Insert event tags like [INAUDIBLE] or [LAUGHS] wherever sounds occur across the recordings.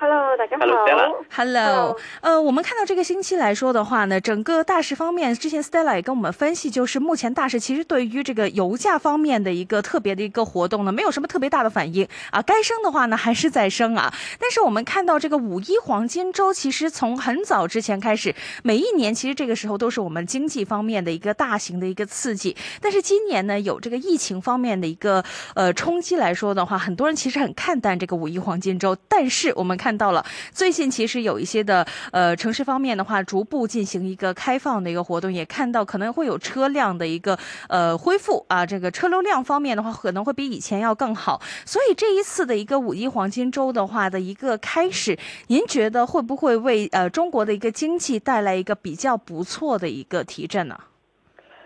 hello，大家好。hello，hello，呃，我們看到這個星期來說的話呢，整個大市方面，之前 Stella 也跟我們分析，就是目前大市其實對於這個油價方面的一個特別的一個活動呢，沒有什麼特別大的反應啊，該升的話呢，還是在升啊。但是我們看到這個五一黃金周，其實從很早之前開始，每一年其實這個時候都是我們經濟方面的一個大型的一個刺激。但是今年呢，有這個疫情方面的一個，呃，衝擊來說的話，很多人其實很看淡這個五一黃金周。但是我們看。看到了，最近其實有一些的呃、城市方面的話，逐步進行一個開放的一個活動，也看到可能會有車輛的一個呃、恢復啊，這個車流量方面的話，可能會比以前要更好。所以這一次的一個五一黃金周的話的一個開始，您覺得會不會為呃、中國的一個經濟帶來一個比較不錯的一個提振呢啊？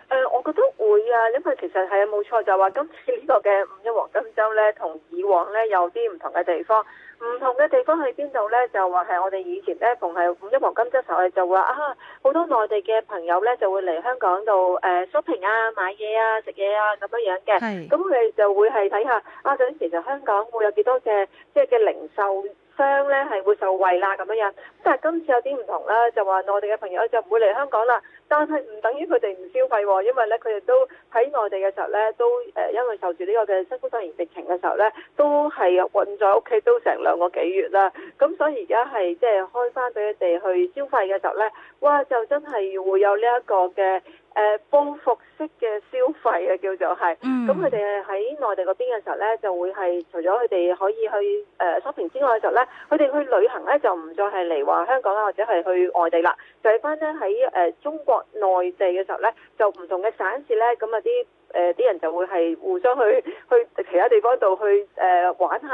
呃，我覺得會啊，因為其實係啊，冇錯，就係話今次呢個嘅五一黃金周咧，同以往咧有啲唔同嘅地方。唔同嘅地方去邊度呢？就話係我哋以前呢，逢係五一黃金週時候，我哋就話啊，好多內地嘅朋友呢，就會嚟香港度誒、呃、shopping 啊、買嘢啊、食嘢啊咁樣樣嘅。係是，咁佢哋就會係睇下啊，嗰陣時就香港會有幾多嘅即係嘅零售。商咧係會受惠啦咁樣樣，但係今次有啲唔同啦，就話內地嘅朋友就唔會嚟香港啦，但係唔等於佢哋唔消費喎，因為咧佢哋都喺內地嘅時候咧，都誒因為受住呢個嘅新冠肺炎疫情嘅時候咧，都係困在屋企都成兩個幾月啦，咁所以而家係即係開翻俾佢哋去消費嘅時候咧，哇就真係會有呢一個嘅。誒、呃、報復式嘅消費啊，叫做係，咁佢哋喺內地嗰邊嘅時候咧，就會係除咗佢哋可以去誒 shopping、呃、之外嘅時候咧，佢哋去旅行咧就唔再係嚟話香港啦，或者係去外地啦，就係翻咧喺誒中國內地嘅時候咧，就唔同嘅省市咧咁啊啲。誒啲、呃、人就會係互相去去其他地方度去誒、呃、玩下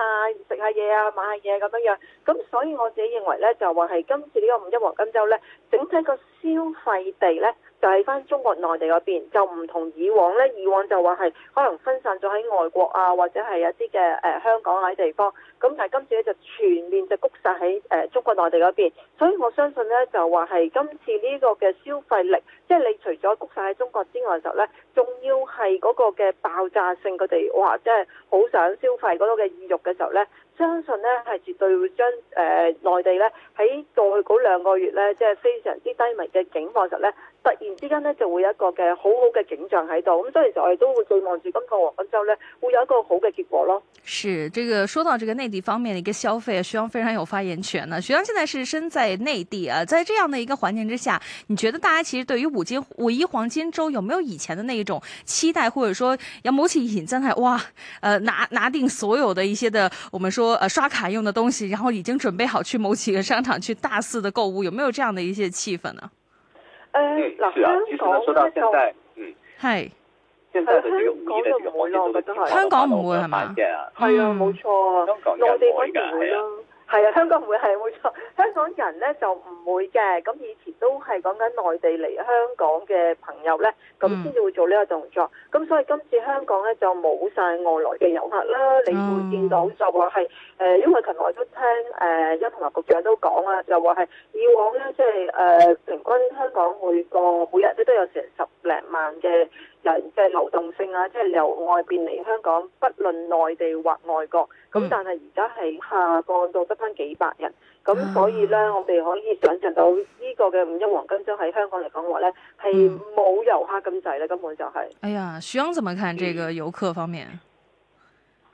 食下嘢啊，買下嘢咁樣樣，咁所以我自己認為呢，就話係今次呢個五一黃金週呢，整體個消費地呢，就係、是、翻中國內地嗰邊，就唔同以往呢，以往就話係可能分散咗喺外國啊或者係一啲嘅誒香港嗰啲地方，咁但係今次呢，就全面就谷晒喺誒中國內地嗰邊，所以我相信呢，就話係今次呢個嘅消費力，即、就、係、是、你除咗谷晒喺中國之外嘅時候呢，仲要係嗰個嘅爆炸性，佢哋哇，即係好想消費嗰度嘅意欲嘅時候咧，相信咧，係絕對會將誒內地咧喺過去嗰兩個月咧，即係非常之低迷嘅境況時候咧。突然之間咧、這個，就會有一個嘅好好嘅景象喺度。咁所以就我哋都會對望住今個黃金周咧，會有一個好嘅結果咯。是，這個說到這個內地方面的一個消費，啊，徐江非常有發言權呢，啊。徐江現在是身在內地啊，在這樣的一個環境之下，你覺得大家其實對於五金五一黃金周有沒有以前的那一種期待，或者說要某幾件在哇，呃拿拿定所有的一些的我們說呃刷卡用的東西，然後已經準備好去某幾個商場去大肆的購物，有沒有這樣的一些氣氛呢，啊？誒嗱，香港即係，嗯係，香港唔會，咯、啊，我覺得都係，香港唔會係嘛，係啊，冇錯，啊，香港應該唔會咯。係啊，香港唔會係冇錯。香港人咧就唔會嘅，咁以前都係講緊內地嚟香港嘅朋友咧，咁先至會做呢個動作。咁、嗯、所以今次香港咧就冇晒外來嘅遊客啦。你會見到就話係，誒、呃，因為琴日都聽誒，殷彭立局長都講啦、啊，就話係以往咧，即係誒，平均香港每個每日咧都有成十零萬嘅，人即係流動性啊，即係由外邊嚟香港，不論內地或外國，咁但係而家係下降到得翻幾百人，咁、啊、所以呢，我哋可以想象到呢個嘅五一黃金周喺香港嚟講話呢，係冇遊客咁滯咧，根本就係、是。哎呀，徐生怎麼看這個遊客方面？嗯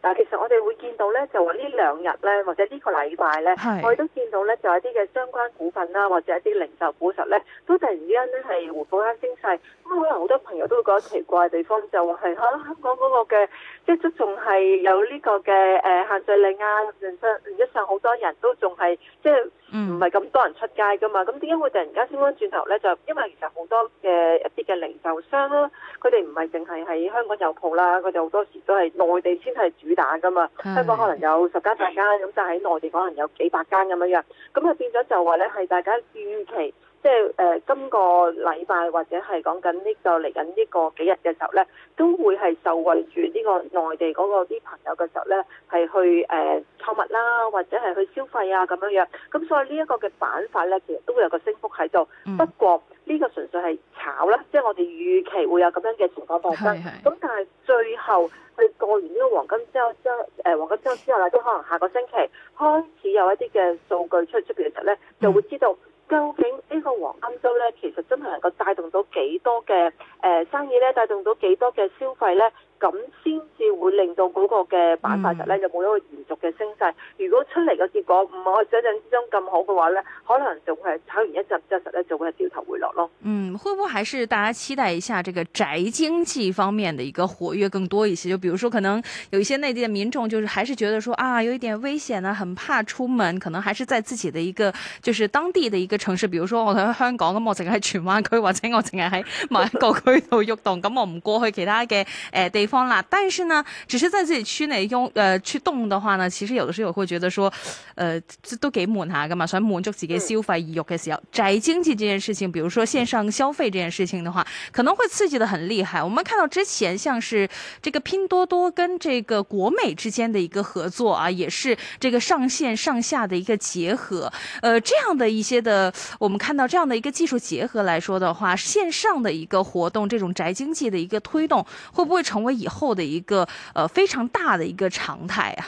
但其實我哋會見到咧，就話呢兩日咧，或者個禮呢個禮拜咧，是我哋都見到咧，就有一啲嘅相關股份啦、啊，或者一啲零售股實咧，都突然之間咧係回復返升勢。咁可能好多朋友都會覺得奇怪嘅地方就係，可、啊、能香港嗰個嘅，即係都仲係有呢個嘅誒、呃、限聚令啊，連上連上好多人都仲係即係。唔係咁多人出街㗎嘛，咁點解會突然間先翻轉頭呢？就因為其實好多嘅一啲嘅零售商啦、啊，佢哋唔係淨係喺香港有鋪啦，佢哋好多時都係內地先係主打㗎嘛。的香港可能有十間八間，咁的但喺內地可能有幾百間咁樣嘅，咁啊變咗就話呢係大家預期。即係誒、呃、今個禮拜或者係講緊呢個嚟緊呢個幾日嘅時候咧，都會係受惠住呢個內地嗰個啲朋友嘅時候咧，係去誒購、呃、物啦，或者係去消費啊咁樣樣。咁、嗯、所以呢一個嘅板塊咧，其實都會有個升幅喺度。嗯、不過呢、這個純粹係炒啦，即係我哋預期會有咁樣嘅情況發生。咁是但係最後，佢過完呢個黃金週，週、呃、黃金週之後啦，即係可能下個星期開始有一啲嘅數據出出邊嘅時候咧，就會知道。嗯嗯究竟呢個黃金週咧，其實真係能夠帶動到幾多嘅誒生意咧，帶動到幾多嘅消費咧？咁先至會令到嗰個嘅板塊實咧，有冇一個延續嘅升勢？如果出嚟嘅結果唔係想象之中咁好嘅話咧，可能就會炒完一陣之後實咧就會掉頭回落咯。嗯，嗯會唔會還是大家期待一下這個宅經濟方面嘅一個活躍更多一些？就比如說，可能有一些內地嘅民眾就是還是覺得說啊，有一點危險啊，很怕出門，可能還是在自己的一個就是當地嘅一個城市。比如說，我喺香港咁，我淨係喺荃灣區，或者我淨係喺某一個區度喐動，咁 [LAUGHS] 我唔過去其他嘅誒地。呃方啦，但是呢，只是在自己區內用，呃去動的話呢，其實有的時候我會覺得說，呃，這都幾悶下噶嘛，所以滿足自己消費又其實要宅經濟這件事情，比如說線上消費這件事情的話，可能會刺激的很厲害。我們看到之前像是這個拼多多跟這個國美之間的一個合作啊，也是這個上線上下的一個結合，呃，這樣的一些的，我們看到這樣的一個技術結合來說的話，線上的一個活動，這種宅經濟的一個推動，會不會成為？以後嘅一個，呃，非常大嘅一個常態啊。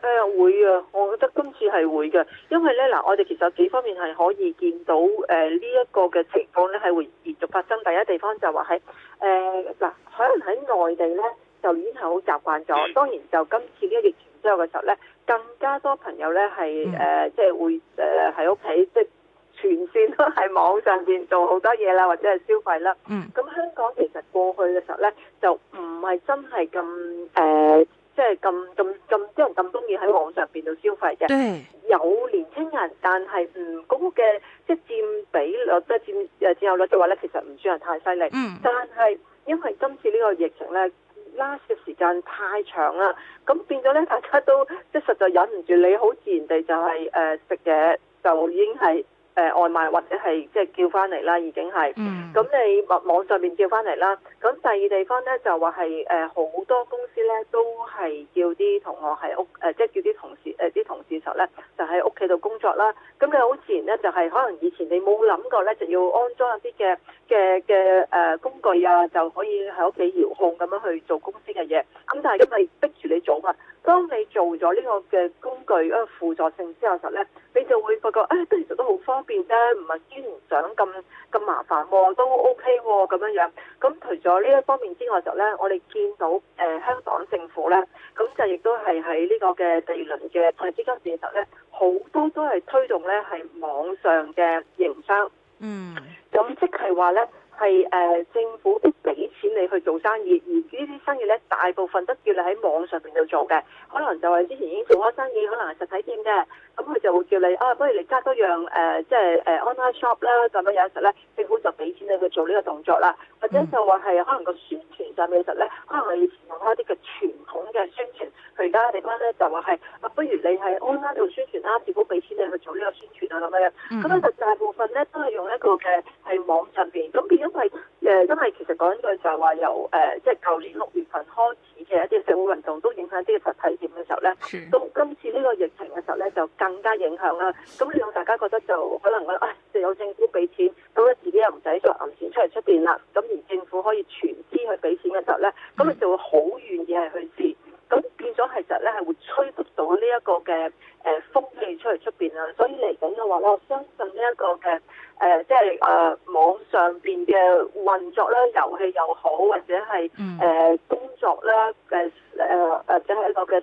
誒、呃，會啊，我覺得今次係會嘅，因為咧嗱、呃，我哋其實有幾方面係可以見到，誒、呃、呢一個嘅情況咧係會持續發生。第一地方就話喺誒嗱，可能喺內地咧就已經係好習慣咗，當然就今次呢個疫情之後嘅時候咧，更加多朋友咧係誒，即係會誒喺屋企即。全線都喺網上邊做好多嘢啦，或者係消費啦。嗯。咁香港其實過去嘅時候呢，就唔係真係咁誒，即係咁咁咁多人咁中意喺網上邊度消費嘅。對。Mm. 有年輕人，但係唔嗰個嘅即係佔比率，即係佔誒佔有率嘅話呢，其實唔算係太犀利。Mm. 但係因為今次呢個疫情呢，拉嘅時間太長啦，咁變咗呢，大家都即係實在忍唔住你，你好自然地就係誒食嘢，就已經係。誒、呃、外賣或者係即係叫翻嚟啦，已經係。嗯。咁你網網上面叫翻嚟啦？咁第二地方咧就話係誒好多公司咧都係叫啲同學喺屋誒、呃，即係叫啲同事誒啲、呃、同事就時咧，就喺屋企度工作啦。咁你好自然咧就係、是、可能以前你冇諗過咧，就要安裝一啲嘅嘅嘅誒工具啊，就可以喺屋企遙控咁樣去做公司嘅嘢。咁但係因為逼住你做啊嘛。當你做咗呢個嘅工具一，那個輔助性之後就咧，你就會發覺誒，都，哎，其實都好方便啫，唔係支長咁咁麻煩，都 OK 咁，啊、樣樣。咁除咗呢一方面之外，就咧，我哋見到誒香港政府咧，咁就亦都係喺呢個嘅第二輪嘅誒資金支持咧，好多都係推動咧係網上嘅營商。嗯、mm.，咁即係話咧。係誒、呃、政府都俾錢你去做生意，而呢啲生意咧大部分都叫你喺網上邊度做嘅，可能就係之前已經做開生意，可能係實體店嘅，咁佢就會叫你啊，不如你加多樣誒，即係誒 online shop 啦咁樣樣實咧，政府就俾錢你去做呢個動作啦，或者就話係可能個宣傳上面實咧，可能你以前用開啲嘅傳統嘅宣傳，佢而家地方咧就話係啊，不如你喺 online 度宣傳啦、啊，政府俾錢你去做呢個宣傳啊咁樣，咁其實就大部分咧都係用一個嘅係網上邊咁。因為誒，因為其實講緊句就係話由誒，即係舊年六月份開始嘅一啲社會運動，都影響一啲實體店嘅時候咧，的到今次呢個疫情嘅時候咧，就更加影響啦。咁令大家覺得就可能誒、哎，就有政府俾錢，咁啊自己又唔使再揞錢出嚟出邊啦。咁而政府可以全資去俾錢嘅時候咧，咁啊就會好願意係去試。咁變咗其實咧，係會催谷到呢一個嘅誒風氣出嚟出邊啊。所以嚟緊嘅話，我相信呢一個嘅誒，即係誒。即係誒嘅運作啦，遊戲又好，或者係誒、mm. 呃、工作啦，誒、呃、誒或者係一個。嘅。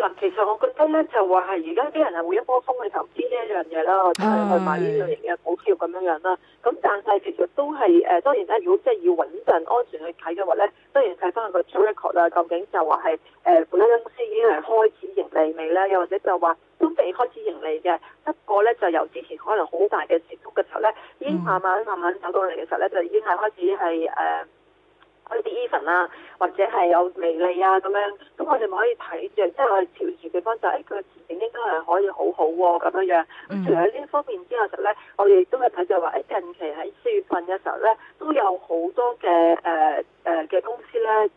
嗱，其實我覺得咧，就話係而家啲人係會一波風去投資呢一樣嘢啦，去、啊、買呢類型嘅股票咁樣樣啦。咁但係其實都係誒、呃，當然咧，如果即係要穩陣安全去睇嘅話咧，當然睇翻佢 track 啊，究竟就話係誒，本間公司已經係開始盈利未咧，又或者就話都未開始盈利嘅。不過咧就由之前可能好大嘅跌幅嘅時候咧，已經慢慢慢慢走到嚟嘅時候咧，就已經係開始係誒。呃可以啲 even 啊，或者係有微利啊咁樣，咁我哋咪可以睇住，即係我哋調住嘅方就係佢嘅前景應該係可以好好喎，咁樣樣。咁除咗呢方面之外，其實咧我哋亦都係睇住話喺近期喺四月份嘅時候咧，都有好多嘅誒誒嘅公司咧誒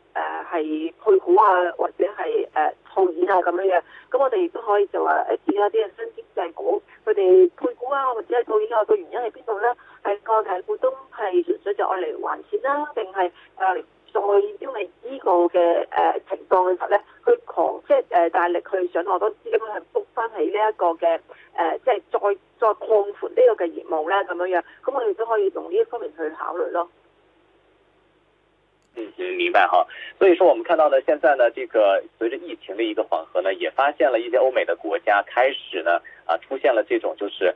係配股啊，或者係誒、呃、套現啊咁樣樣。咁、嗯、我哋亦都可以就話誒睇下啲嘅新經濟股，佢哋配股啊或者係套現啊嘅原因喺邊度咧？係個睇股都係純粹就愛嚟還錢啦，定係誒再因為呢個嘅誒情況嘅時候咧，去狂即係誒大力去想攞到資金去復翻起呢一個嘅誒，即係再再擴闊呢個嘅業務咧咁樣樣，咁我哋都可以從呢一方面去考慮咯。嗯，明白哈。所以說我們看到呢，現在呢，這個隨着疫情的一個緩和呢，也發現了一些歐美的國家開始呢，啊，出現了這種就是。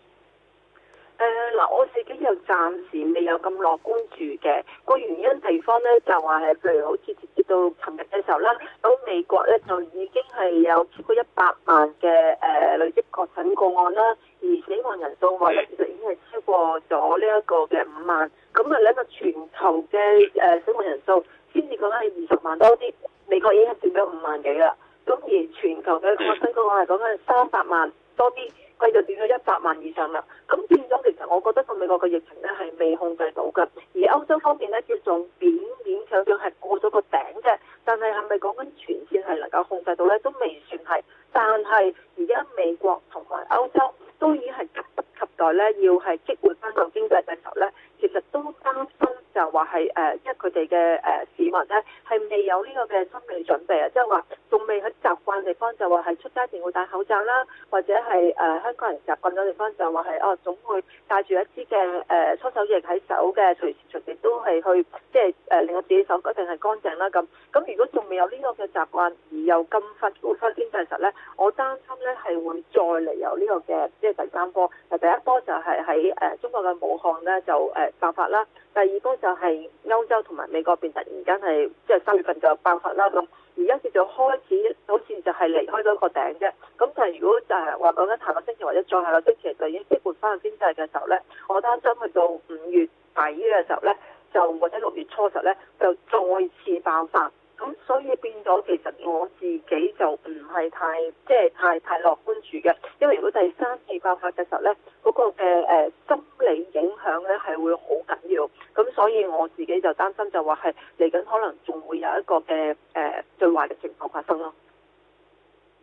誒嗱、呃，我自己又暫時未有咁樂觀住嘅個原因地方咧，就話係譬如好似直接到尋日嘅時候啦，咁美國咧就已經係有超過一百萬嘅誒、呃、累積確診個案啦，而死亡人數話咧其實已經係超過咗呢一個嘅五萬，咁啊喺個全球嘅誒死亡人數先至講緊係二十萬多啲，美國已經係佔咗五萬幾啦，咁而全球嘅確診個案係講緊三百萬多啲。就跌咗一百萬以上啦，咁變咗其實我覺得個美國嘅疫情咧係未控制到嘅，而歐洲方面咧亦仲勉勉強強係過咗個頂啫，但係係咪講緊全線係能夠控制到咧都未算係，但係而家美國同埋歐洲都已經係急不及待咧要係激活翻到經濟嘅時候咧，其實都擔心就係話係誒，即係佢哋嘅誒市民咧係未有呢個嘅心理準備啊，即係話仲未喺方就話係出街前會戴口罩啦，或者係誒香港人習慣咗地方就話係哦，總會帶住一支嘅誒搓手液喺手嘅，隨時隨地都係去即係誒令我自己手一定係乾淨啦。咁咁如果仲未有呢個嘅習慣而又金忽股忽經濟實咧，我擔心咧係會再嚟有呢個嘅即係第三波。誒第一波就係喺誒中國嘅武漢咧就誒爆發啦，第二波就係歐洲同埋美國邊突然間係即係三月份就爆發啦。咁而家佢就開。嗯 [MUSIC] 係離開咗個頂啫，咁但係如果誒、就是、話講緊下個星期或者再下個星期就已經激活翻個經濟嘅時候咧，我擔心去到五月底嘅時候咧，就或者六月初實咧就再次爆發，咁所以變咗其實我自己就唔係太即係、就是、太太，太樂觀住嘅，因為如果第三次爆發嘅時候咧，嗰、那個嘅誒心理影響咧係會好緊要，咁所以我自己就擔心就話係嚟緊可能仲會有一個嘅誒、呃、最壞嘅。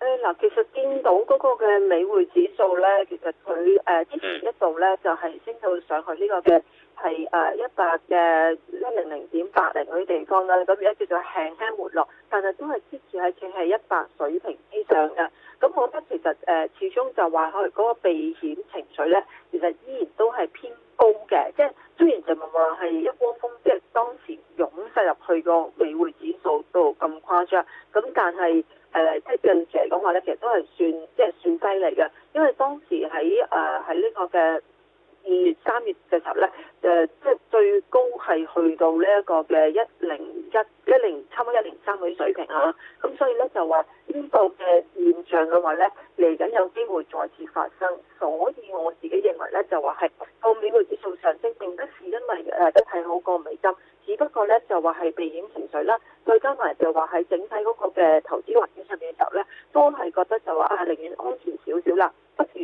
誒，嗱，其實見到嗰個嘅美匯指數咧，其實佢誒之前一度咧就係、是、升到上去呢個嘅係誒一百嘅一零零點八零嗰啲地方啦，咁而家叫做輕輕回落，但係都係支持喺佢係一百水平之上嘅。咁我覺得其實誒、呃、始終就話佢嗰個避險情緒咧，其實依然都係偏高嘅。即係雖然就話係一窩蜂，即、就、係、是、當時湧晒入去個美匯指數度咁誇張，咁但係。誒，即係近期嚟講，話咧，其實都係算，即係算低嚟嘅，因為當時喺誒喺呢個嘅。二、嗯、月、三月嘅時候咧，誒，即係最高係去到呢一個嘅一零一、一零，差唔多一零三嗰啲水平啊。咁、嗯、所以咧就話呢個嘅現象嘅話咧，嚟緊有機會再次發生。所以我自己認為咧就話係澳面個指數上升並不是因為誒得睇好過美金，只不過咧就話係避險情緒啦。再加埋就話喺整體嗰個嘅投資環境上面嘅時候咧，都係覺得就話係、啊、寧願安全少少啦。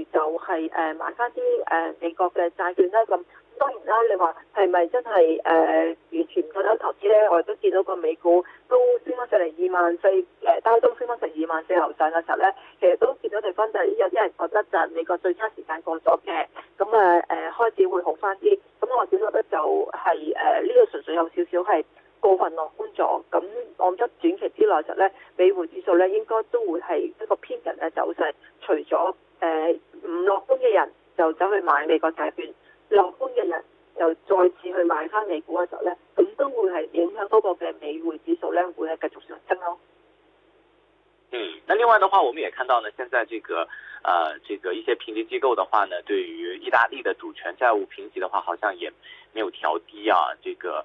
就係誒買翻啲誒美國嘅債券啦咁，當然啦，你話係咪真係誒、呃、完全唔覺得投資咧？我亦都見到個美股都升翻上嚟二萬四，誒單週升翻上二萬四樓上嘅時候咧，其實都見到地方就係有啲人覺得就係美國最差時間過咗嘅，咁啊誒開始會好翻啲。咁我覺得咧就係誒呢個純粹有少少係過分樂觀咗。咁我覺得短期之內就咧，美匯指數咧應該都會係一個偏弱嘅走勢，除咗，就走去買美國債券，樂觀嘅人就再次去買翻美股嘅時候咧，咁都會係影響嗰個嘅美匯指數咧，會係繼續上升咯。嗯，那另外的話，我們也看到呢，現在這個，呃，這個一些評級機構的話呢，對於意大利的主權債務評級的話，好像也沒有調低啊，這個。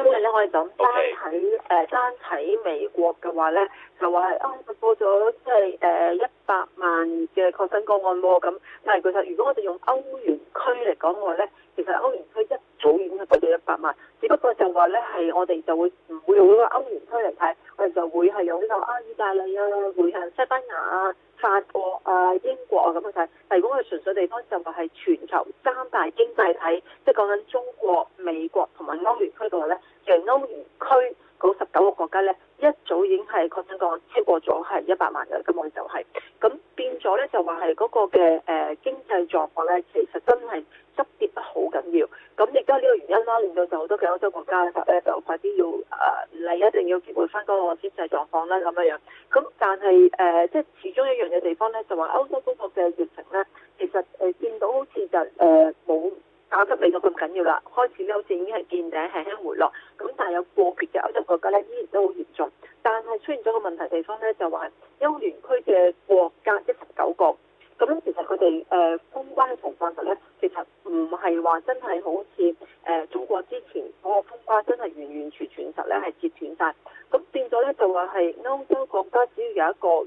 今日咧，我哋就單睇誒、呃、單睇美國嘅話咧，就話係突破咗即係誒一百萬嘅確診個案喎。咁但係其實如果我哋用歐元區嚟講嘅話咧，其實歐元區一早已經係過咗一百萬，只不過就話咧係我哋就會唔會用呢個歐元區嚟睇，我哋就會係用呢個啊意大利啊，或係西班牙啊。法國啊、英國啊咁去睇，但如果佢純粹地方就話係全球三大經濟體，即係講緊中國、美國同埋歐元區嘅話咧，其實歐元區嗰十九個國家咧。一早已經係確診個超過咗係一百萬嘅，咁我就係、是，咁變咗咧就話係嗰個嘅誒、呃、經濟狀況咧，其實真係急跌得好緊要，咁亦都係呢個原因啦，令到就好多嘅歐洲國家咧就、呃、快啲要誒嚟、呃、一定要結匯翻嗰個經濟狀況啦咁樣樣，咁但係誒、呃、即係始終一樣嘅地方咧，就話歐洲各國嘅疫情咧，其實誒見到好似就誒冇。呃教給你就咁緊要啦，開始好似已經係見頂，輕輕回落。咁但係有個別嘅歐洲國家咧，依然都好嚴重。但係出現咗個問題地方咧，就話係歐聯區嘅國家一十九個。咁其實佢哋誒封關嘅情況就咧，其實唔係話真係好似誒、呃、中國之前嗰個封關真係完完全全實咧係截斷晒。咁變咗咧就話係歐洲國家只要有一個。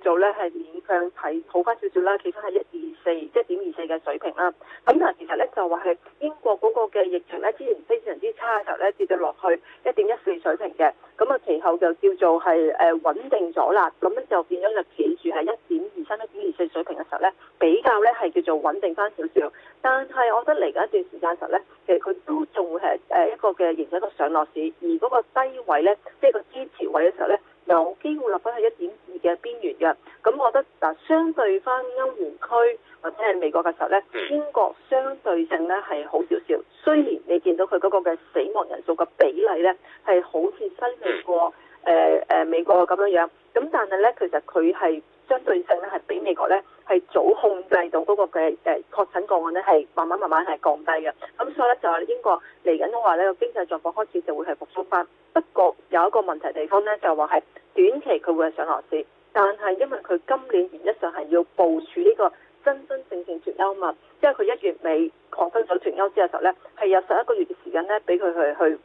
做咧係勉強睇好翻少少啦，企翻喺一二四、一點二四嘅水平啦。咁但係，其實咧就話係英國嗰個嘅疫情咧，之前非常之差嘅時候咧，跌到落去一點一四水平嘅。咁啊，其後就叫做係誒穩定咗啦。咁咧就變咗就企住喺一點二三、一點二四水平嘅時候咧，比較咧係叫做穩定翻少少。但係我覺得嚟緊一段時間嘅時候咧，其實佢都仲會係誒一個嘅形成一個上落市，而嗰個低位咧，即係個支持位嘅時候咧，有機會落翻去一點。相對翻歐元區或者係美國嘅時候咧，英國相對性咧係好少少。雖然你見到佢嗰個嘅死亡人數嘅比例咧係好似犀利過誒誒、呃、美國咁樣樣，咁但係咧其實佢係相對性咧係比美國咧係早控制到嗰個嘅誒確診個案咧係慢慢慢慢係降低嘅。咁所以咧就係英國嚟緊嘅話咧個經濟狀況開始就會係復甦翻。不過有一個問題地方咧就話係短期佢會係上落市，但係因為佢今年。要部署呢個真真正正脫歐物，即係佢一月尾擴分咗脫歐之嘅時候係有十一個月嘅時間呢，俾佢去去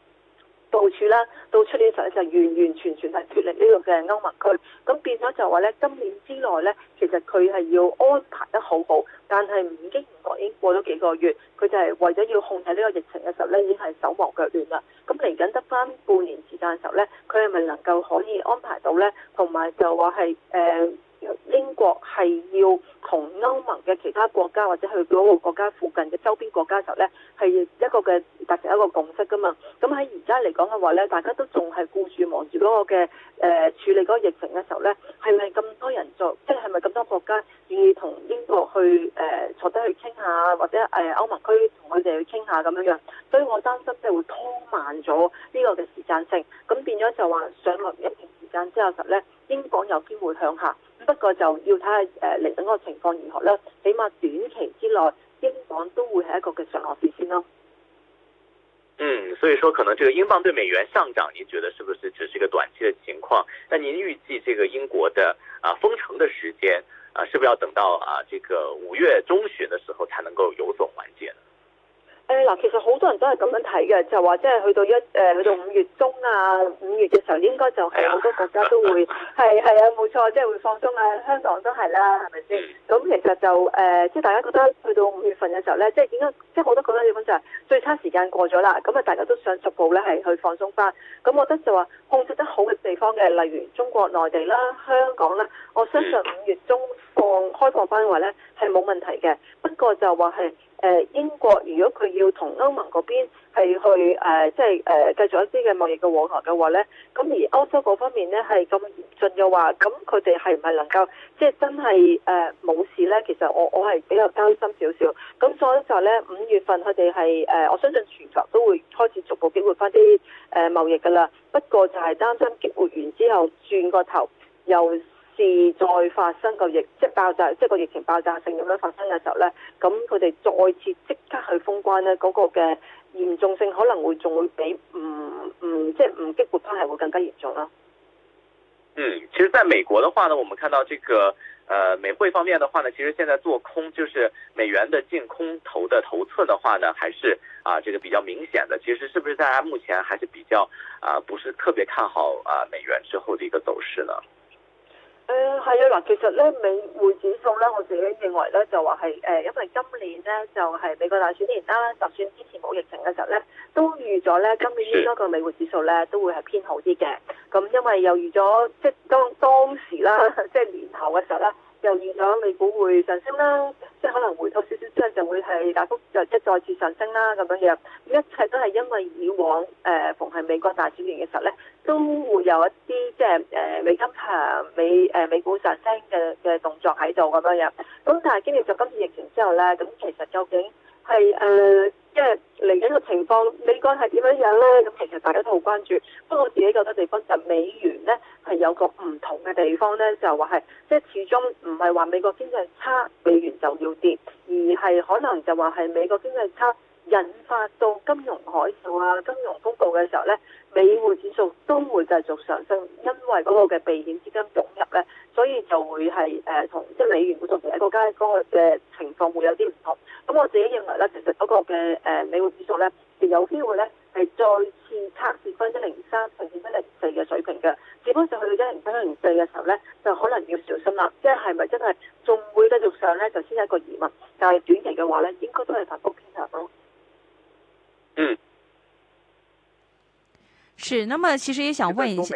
部署啦，到出年嘅時候就完完全全係脫離呢個嘅歐盟區，咁變咗就話呢今年之內呢，其實佢係要安排得好好，但係唔經唔覺已經過咗幾個月，佢就係為咗要控制呢個疫情嘅時候呢已經係手忙腳亂啦。咁嚟緊得翻半年時間嘅時候呢，佢係咪能夠可以安排到呢？同埋就話係誒。呃英國係要同歐盟嘅其他國家或者去嗰個國家附近嘅周邊國家嘅時候呢，係一個嘅達成一個共識噶嘛。咁喺而家嚟講嘅話呢，大家都仲係顧住忙住嗰、那個嘅誒、呃、處理嗰個疫情嘅時候呢，係咪咁多人做？即係係咪咁多國家願意同英國去誒、呃、坐低去傾下，或者誒、呃、歐盟區同佢哋去傾下咁樣樣？所以我擔心即係會拖慢咗呢個嘅時間性，咁變咗就話上落一段時間之後時候呢。英鎊有機會向下，不過就要睇下誒嚟緊嗰個情況如何啦。起碼短期之內，英鎊都會係一個嘅上落市先咯。嗯，所以說可能這個英鎊對美元上漲，您覺得是不是只是一個短期嘅情況？那您預計這個英國的啊封城嘅時間啊，是不是要等到啊這個五月中旬的時候，才能夠有所緩解呢？誒，嗱，其實好多人都係咁樣睇嘅，就話即係去到一誒、呃，去到五月中啊，五月嘅時候應該就係好多國家都會係係啊，冇錯， [LAUGHS] 即係、就是、會放鬆啊，香港都係啦，係咪先？咁其實就誒，即、呃、係、就是、大家覺得去到五月份嘅時候咧，即係點解，即係好多國家點樣就係最差時間過咗啦，咁啊，大家都想逐步咧係去放鬆翻。咁我覺得就話控制得好嘅地方嘅，例如中國內地啦、香港啦，我相信五月中放開放班嘅話咧，係冇問題嘅。個就話係誒英國，如果佢要同歐盟嗰邊係去誒，即係誒繼續一啲嘅貿易嘅往來嘅話咧，咁而歐洲嗰方面咧係咁嚴峻嘅話，咁佢哋係唔係能夠即係真係誒冇事咧？其實我我係比較擔心少少。咁所以就咧，五月份佢哋係誒，我相信全球都會開始逐步激活翻啲誒貿易噶啦。不過就係擔心激活完之後轉個頭又。是再發生個疫，即係爆炸，即係個疫情爆炸性咁樣發生嘅時候呢，咁佢哋再次即刻去封關呢，嗰個嘅嚴重性可能會仲會比唔唔即係唔激活關係會更加嚴重囉。嗯，其實在美國的話呢，我們看到這個呃美匯方面的話呢，其實現在做空就是美元的淨空頭的頭寸的話呢，還是啊、呃、這個比較明顯的。其實是不是大家目前還是比較啊、呃、不是特別看好啊、呃、美元之後的一個走勢呢？誒，係啊、呃，嗱，其實咧美匯指數咧，我自己認為咧就話係誒，因為今年咧就係、是、美國大選年啦，就算之前冇疫情嘅時候咧，都預咗咧今年應該個美匯指數咧都會係偏好啲嘅，咁因為又預咗即當當時啦，即係年頭嘅時候啦，又預咗美股會上升啦，即係可能回吐少少之後就會係大幅即再次上升啦，咁樣樣。一切都係因為以往誒、呃、逢係美國大選年嘅時候咧，都會有一啲即係誒、呃、美金強、美誒、呃、美股上升嘅嘅動作喺度咁樣樣。咁但係經歷咗今次疫情之後咧，咁其實究竟？係誒，因為嚟緊個情況美國係點樣樣咧？咁其實大家都好關注。不過我自己覺得地方就係美元咧，係有個唔同嘅地方咧，就話係即係始終唔係話美國經濟差，美元就要跌，而係可能就話係美國經濟差。引發到金融海嘯啊、金融風暴嘅時候咧，美匯指數都會繼續上升，因為嗰個嘅避險資金湧入咧，所以就會係誒同即美元會同其他國家嗰嘅情況會有啲唔同。咁我自己認為咧，其實嗰個嘅誒美匯指數咧，就有機會咧係再次測試翻一零三、甚至一零四嘅水平嘅。只不過上去到一零三、一零四嘅時候咧，就可能要小心啦。即係係咪真係仲會繼續上咧，就先係一個疑問。但係短期嘅話咧，應該都係反覆偏強咯。嗯，是。那麼，其實也想問一下。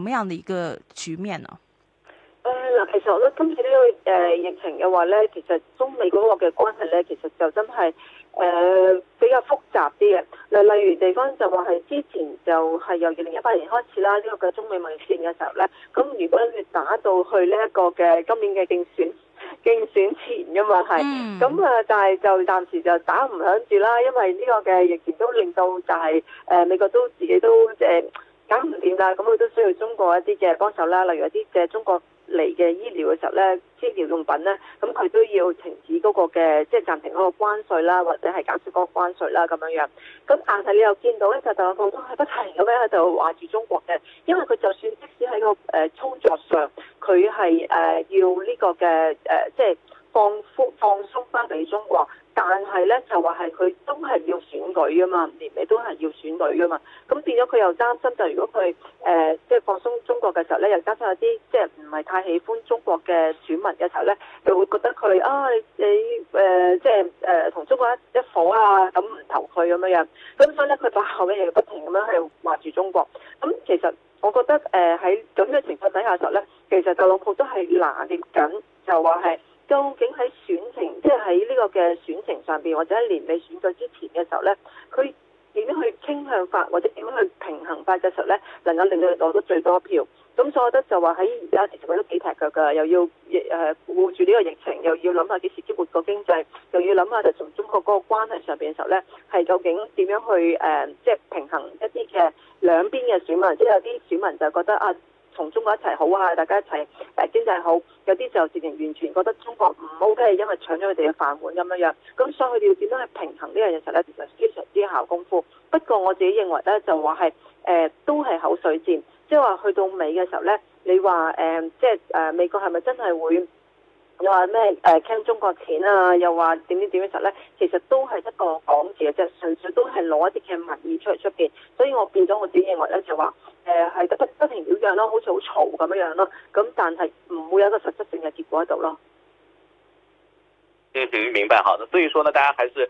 咁樣嘅一個局面啊，誒，嗱，其實我覺得今次呢、這個誒、呃、疫情嘅話咧，其實中美嗰個嘅關係咧，其實就真係誒、呃、比較複雜啲嘅。嗱，例如地方就話係之前就係由二零一八年開始啦，呢、這個嘅中美貿易戰嘅時候咧，咁如果你打到去呢一個嘅今年嘅競選競選前嘅嘛係，咁啊，嗯、但係就暫時就打唔響住啦，因為呢個嘅疫情都令到就係、是、誒、呃、美國都自己都即、呃搞唔掂啦，咁佢都需要中國一啲嘅幫手啦，例如一啲嘅中國嚟嘅醫療嘅時候咧，醫療用品咧，咁佢都要停止嗰個嘅，即係暫停嗰個關稅啦，或者係減少嗰個關稅啦咁樣樣。咁但係你又見到咧，就特朗普都不停咁樣喺度話住中國嘅，因為佢就算即使喺個誒操、呃、作上，佢係誒要呢個嘅誒、呃，即係放寬放鬆翻俾中國。但係咧就話係佢都係要選舉噶嘛，年尾都係要選舉噶嘛，咁變咗佢又擔心就、呃，就如果佢誒即係放鬆中國嘅時候咧，又擔心有啲即係唔係太喜歡中國嘅選民嘅時候咧，就會覺得佢，啊你誒即係誒同中國一一伙啊，咁唔投佢咁樣樣，咁所以咧佢背後咧亦都唔停咁樣去話住中國。咁其實我覺得誒喺咁嘅情況底下時候咧，其實特朗普都係拿捏緊，就話係。究竟喺選情，即係喺呢個嘅選情上邊，或者喺年尾選舉之前嘅時候呢，佢點樣去傾向法，或者點樣去平衡法嘅時候呢，能夠令到佢攞到最多票？咁所以我覺得就話喺而家其實都幾踢腳㗎，又要誒護住呢個疫情，又要諗下幾時激活個經濟，又要諗下就從中國嗰個關係上邊嘅時候呢，係究竟點樣去誒，即係平衡一啲嘅兩邊嘅選民，即係有啲選民就覺得啊。從中國一齊好啊，大家一齊誒經濟好，有啲時候，事情完全覺得中國唔 OK，係因為搶咗佢哋嘅飯碗咁樣樣。咁所以佢哋要點樣去平衡呢樣嘢時候咧，其實非常之考功夫。不過我自己認為咧，就話係誒都係口水戰，即係話去到尾嘅時候咧，你話誒、呃、即係誒美國係咪真係會？又話咩？誒、呃、傾中國錢啊！又話點點點樣實咧？其實都係一個講字嘅啫，純粹都係攞一啲嘅物議出嚟出邊。所以我變咗我自己認為咧，就話誒係得得不停表樣咯，好似好嘈咁樣樣、啊、咯。咁、嗯、但係唔會有一個實質性嘅結果喺度咯。嗯，明白哈。那所以說呢，大家還是。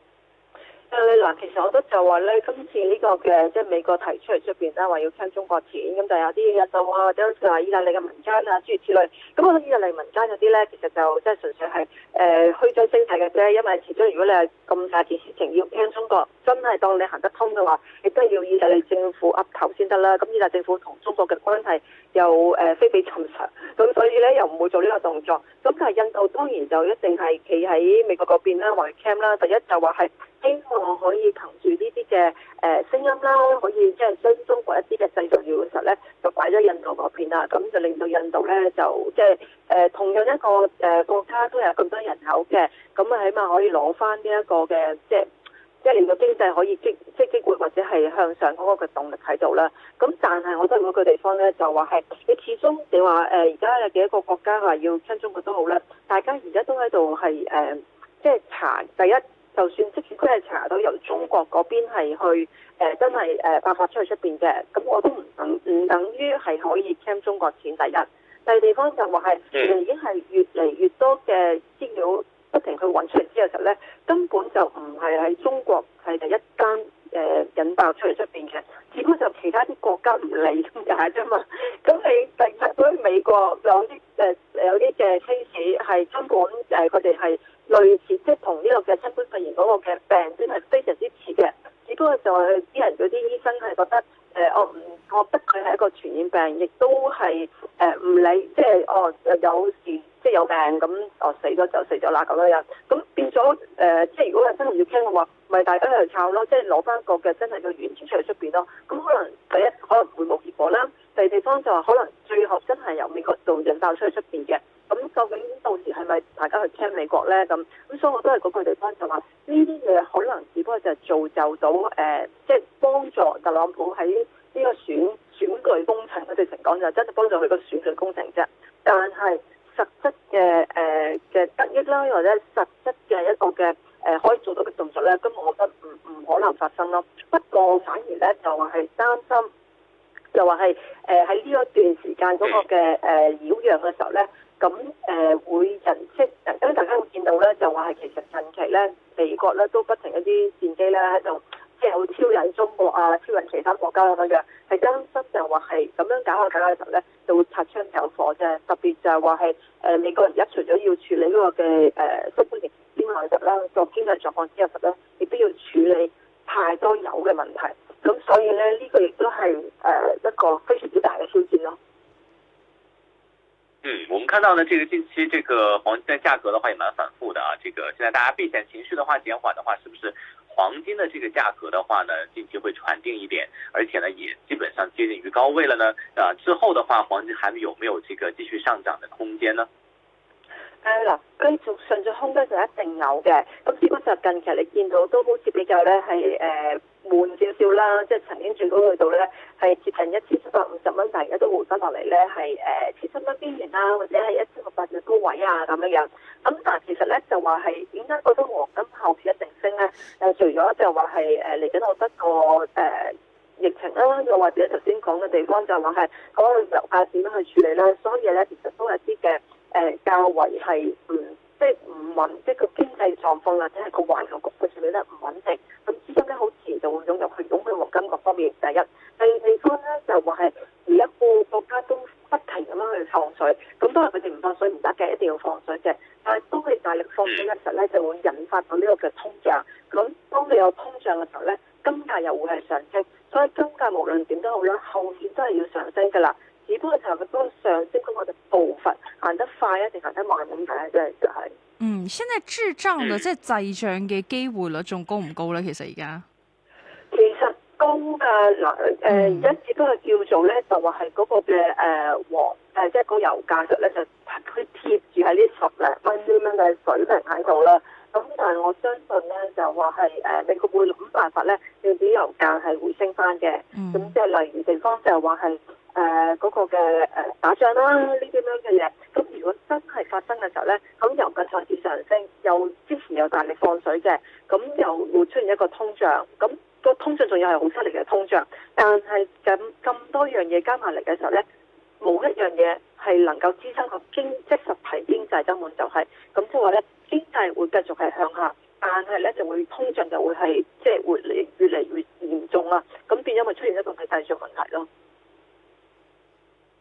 嗱，其實我都就話咧，今次呢個嘅即係美國提出嚟出邊咧，話要搶中國錢，咁但係有啲印度啊，或者意大利嘅民間啊，諸如此類，咁我覺得意大利民間嗰啲咧，其實就即係純粹係誒、呃、虛張聲勢嘅啫，因為始終如果你係咁大件事情要搶中國，真係當你行得通嘅話，亦都要意大利政府岌頭先得啦。咁意大列政府同中國嘅關係又誒、呃、非比尋常，咁所以咧又唔會做呢個動作。咁但係印度當然就一定係企喺美國嗰邊啦，話 camp 啦，第一就話係希望可。可以憑住呢啲嘅誒聲音啦，可以即係將中國一啲嘅製造業嘅時候咧，就擺咗印度嗰邊啦，咁就令到印度咧就即係誒同樣一個誒、呃、國家都有咁多人口嘅，咁啊起碼可以攞翻呢一個嘅即係即係令到經濟可以激即係激活或者係向上嗰個嘅動力喺度啦。咁但係我覺得每個地方咧就話係，你始終你話誒而家有幾多個國家話要親中國都好啦，大家而家都喺度係誒即係查第一。就算即使佢係查到由中國嗰邊係去誒、呃，真係誒爆發出去出邊嘅，咁我都唔等唔等於係可以 claim 中國佔第一。第二地方就話係，其實已經係越嚟越多嘅資料不停去揾出嚟之後嘅時候咧，根本就唔係喺中國係第一間誒、呃、引爆出嚟出邊嘅，只不過就其他啲國家唔理㗎啫嘛。咁 [LAUGHS] 你特別嗰啲美國有啲誒、呃、有啲嘅 case 係，根本，誒佢哋係。誒啲人嗰啲醫生係覺得誒、呃，我唔，我覺得佢係一個傳染病，亦都係誒唔理，即、就、係、是、哦有事，即、就、係、是、有病咁，哦死咗就死咗啦咁多人，咁變咗誒、呃，即係如果係真係要傾嘅話，咪大家喺度抄咯，即係攞翻個嘅真係個原之出嚟出邊咯。咁可能第一可能唔會冇結果啦，第二地方就話、是、可能最後真係由美國做引爆出嚟出邊嘅，咁究竟到時係咪大家去聽美國咧？咁咁所以我都係嗰個地方就話呢啲嘢可能。就係造就到誒，即、呃、係、就是、幫助特朗普喺呢個選選舉工程嗰段情況，就真、是、係幫助佢個選舉工程啫。但係實質嘅誒嘅得益啦，或者實質嘅一個嘅誒、呃、可以做到嘅動作咧，根本我覺得唔唔可能發生咯。不過反而咧就話係擔心，就話係誒喺呢一段時間嗰個嘅誒、呃、擾攘嘅時候咧，咁、呃、誒會人質。就話係其實近期咧，美國咧都不停一啲戰機咧喺度，即係好挑釁中國啊、挑釁其他國家啊咁樣，係擔心就話係咁樣搞下搞下嘅時候咧，就會擦槍走火啫。特別就係話係誒美國而家除咗要處理呢個嘅誒復甦型之外，實啦作經濟狀況之入實啦，亦都要處理太多油嘅問題。咁所以咧，呢個亦都係誒一個非常之大嘅挑戰咯。嗯，我們看到呢，這個近期這個黃金的價格的話也蠻反覆的啊。這個現在大家避險情緒的話減緩的話，是不是黃金的這個價格的話呢，近期會傳定一點，而且呢也基本上接近於高位了呢？啊，之後的話，黃金還有沒有這個繼續上漲的空間呢？誒嗱、嗯，繼續上漲的空間就一定有嘅，咁只不過近期你見到都好似比較呢，係誒。 [NOISE] 悶少少啦，即係曾經最高去到咧係接近一千七百五十蚊，但而家都回翻落嚟咧係誒千七蚊邊緣啦，或者係一千六百嘅高位啊，咁樣樣。咁但係其實咧就話係點解覺得黃金後期一定升咧？誒，除咗就話係誒嚟緊我得個誒疫情啦，又或者頭先講嘅地方就話係嗰個油價點樣去處理啦。所以咧其實都係啲嘅誒較為係唔即係唔穩，即係個經濟狀況或者係個環球局嘅處理得唔穩定。就會湧入去，湧入黃金各方面。第一，第二地方咧就話係而一個國家都不停咁樣去放水，咁當然佢哋唔放水唔得嘅，一定要放水嘅。但係當你大力放水嘅時候咧，就會引發到呢個嘅通脹。咁當你有通脹嘅時候咧，金價又會係上升。所以金價無論點都好啦，後市都係要上升噶啦。只不過就係佢嗰個上升嗰個嘅步伐行得快啊，定行得慢咁解啫，就係。嗯，現在滯脹嘅即係滯脹嘅機會率仲高唔高咧？其實而家。啊嗱，誒一次都係叫做咧，就話係嗰個嘅誒黃，誒即係個油價率咧，就佢貼住喺呢十零蚊咁蚊嘅水平喺度啦。咁但係我相信咧，就話係誒，佢會諗辦法咧，要到油價係回升翻嘅。咁即係另一個地方就係話係誒嗰個嘅誒打仗啦、啊，呢啲咁嘅嘢。咁如果真係發生嘅時候咧，咁油價再次上升，又之前又大力放水嘅，咁又會出現一個通脹咁。個通脹仲要係好犀利嘅通脹，但係咁咁多樣嘢加埋嚟嘅時候呢，冇一樣嘢係能夠支撐個經即係實體經濟增滿，根本就係咁即係話呢，經濟會繼續係向下，但係呢就會通脹就會係即係會越嚟越嚴重啦，咁變咗咪出現一個經濟上問題咯。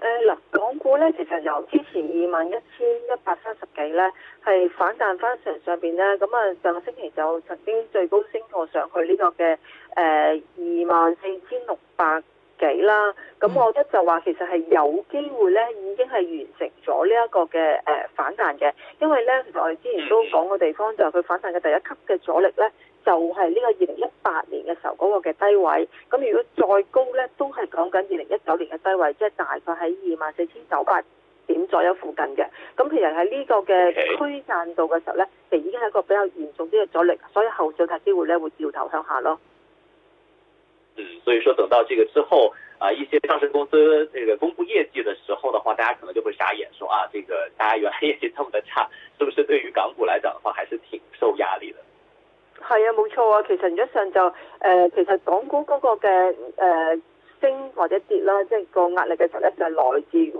誒嗱，港股咧其實由之前二萬一千一百三十幾咧，係反彈翻上、嗯、上邊咧，咁啊上個星期就曾經最高升過上去個、呃、呢個嘅誒二萬四千六百幾啦。咁、嗯、我覺得就話其實係有機會咧，已經係完成咗呢一個嘅誒反彈嘅，因為咧，其實我哋之前都講過地方就係佢反彈嘅第一級嘅阻力咧。就係呢個二零一八年嘅時候嗰個嘅低位，咁如果再高呢，都係講緊二零一九年嘅低位，即係大概喺二萬四千九百點左右附近嘅。咁其實喺呢個嘅區間度嘅時候呢，Okay. 其實已經係一個比較嚴重啲嘅阻力，所以後續嘅機會呢，會掉頭向下咯。嗯，所以說等到這個之後，啊，一些上市公司這個公布業績嘅時候的話，大家可能就會傻眼，說啊，這個大家原來業績咁樣差，是不是對於港股來講嘅話，還是挺受壓力嘅？係啊，冇錯啊。其實而家上就誒、呃，其實港股嗰個嘅誒、呃、升或者跌啦，即係個壓力嘅時候咧，就係、來自誒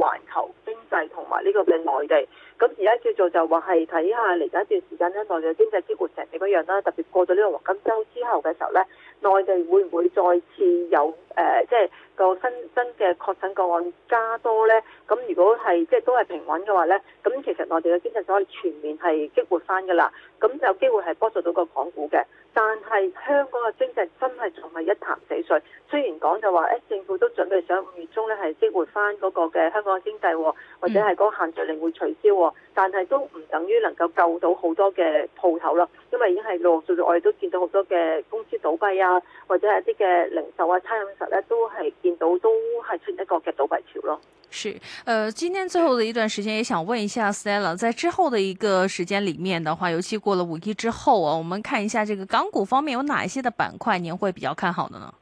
環、呃、球經濟同埋呢個內地。咁而家叫做就話係睇下嚟緊一段時間咧，內地經濟支活成點樣啦，特別過咗呢個黃金週之後嘅時候咧。內地會唔會再次有誒，即、呃、係、就是、個新新嘅確診個案加多咧？咁如果係即係都係平穩嘅話咧，咁其實內地嘅經濟就可以全面係激活翻㗎喇。咁有機會係幫助到個港股嘅。但係香港嘅經濟真係仲係一潭死水。雖然講就話誒、哎，政府都準備想五月中咧係激活翻嗰個嘅香港經濟，或者係嗰個限聚令會取消，但係都唔等於能夠救到好多嘅鋪頭啦。因為已經係陸陸續續我哋都見到好多嘅公司倒閉啊。或者係一啲嘅零售啊、餐飲食咧，都係見到都係出現一個嘅倒閉潮咯。是，誒、呃，今天最後的一段時間，也想問一下 Stella，在之後的一個時間裏面的話，尤其過了五一之後啊，我們看一下這個港股方面有哪一些的板塊，你會比較看好的呢？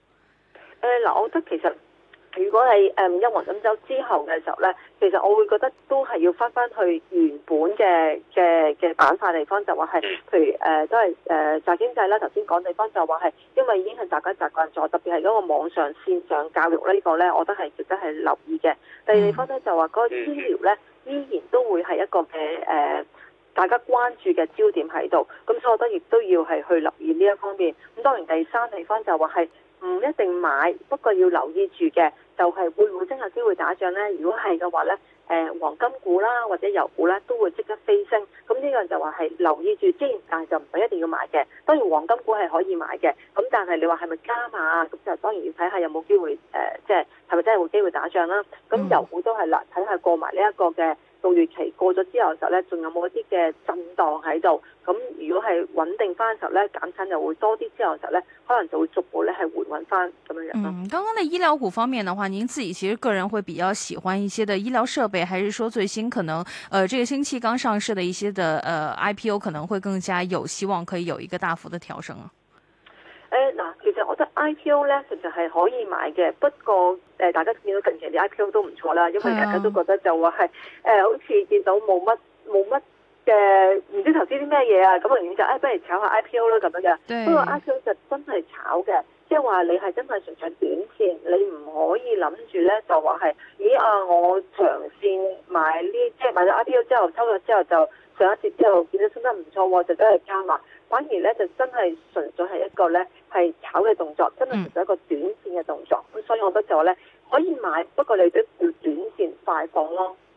誒，嗱，我覺得其實。如果係誒一黃金週之後嘅時候咧，其實我會覺得都係要翻翻去原本嘅嘅嘅板塊地方就是是，就話係譬如誒、呃、都係誒宅經濟啦。頭先講地方就話係因為已經係大家習慣咗，特別係嗰個網上線上教育個呢個咧，我都係值得係留意嘅。第二地方咧，就話嗰個醫療咧，依然都會係一個嘅誒、呃、大家關注嘅焦點喺度。咁所以我覺得亦都要係去留意呢一方面。咁當然第三地方就話係。唔一定買，不過要留意住嘅就係、是、會唔會真有機會打仗呢？如果係嘅話呢，誒、呃、黃金股啦或者油股呢都會即刻飛升。咁呢樣就話係留意住先，但係就唔係一定要買嘅。當然黃金股係可以買嘅，咁、嗯、但係你話係咪加碼啊？咁、嗯、就當然要睇下有冇機會誒、呃，即係係咪真係有機會打仗啦？咁、嗯嗯、油股都係啦，睇下過埋呢一個嘅。到月期過咗之後嘅時候咧，仲有冇一啲嘅震盪喺度？咁如果係穩定翻嘅時候咧，減產就會多啲。之後嘅時候咧，可能就會逐步咧係回穩翻咁樣樣咯。嗯，剛剛在醫療股方面嘅話，您自己其實個人會比較喜歡一些的醫療設備，還是說最新可能，呃，這個星期剛上市的一些的，呃，IPO 可能會更加有希望可以有一個大幅的調整啊？得 IPO 咧，純粹係可以買嘅。不過，誒、呃，大家見到近期啲 IPO 都唔錯啦，因為大家都覺得就話係誒，好似見到冇乜冇乜嘅，唔知投資啲咩嘢啊。咁啊，於是就誒，不如炒下 IPO 啦咁樣嘅。對不過 IPO 就真係炒嘅，即係話你係真係純粹短線，你唔可以諗住咧，就話係咦啊，我長線買呢，即係買咗 IPO 之後，抽咗之後就上一次之後，見到升得唔錯喎，就真係加埋。反而咧就真係純粹係一個咧係炒嘅動作，真係純粹一個短線嘅動作。咁所以我覺得就話咧可以買，不過你都要短線快放囉。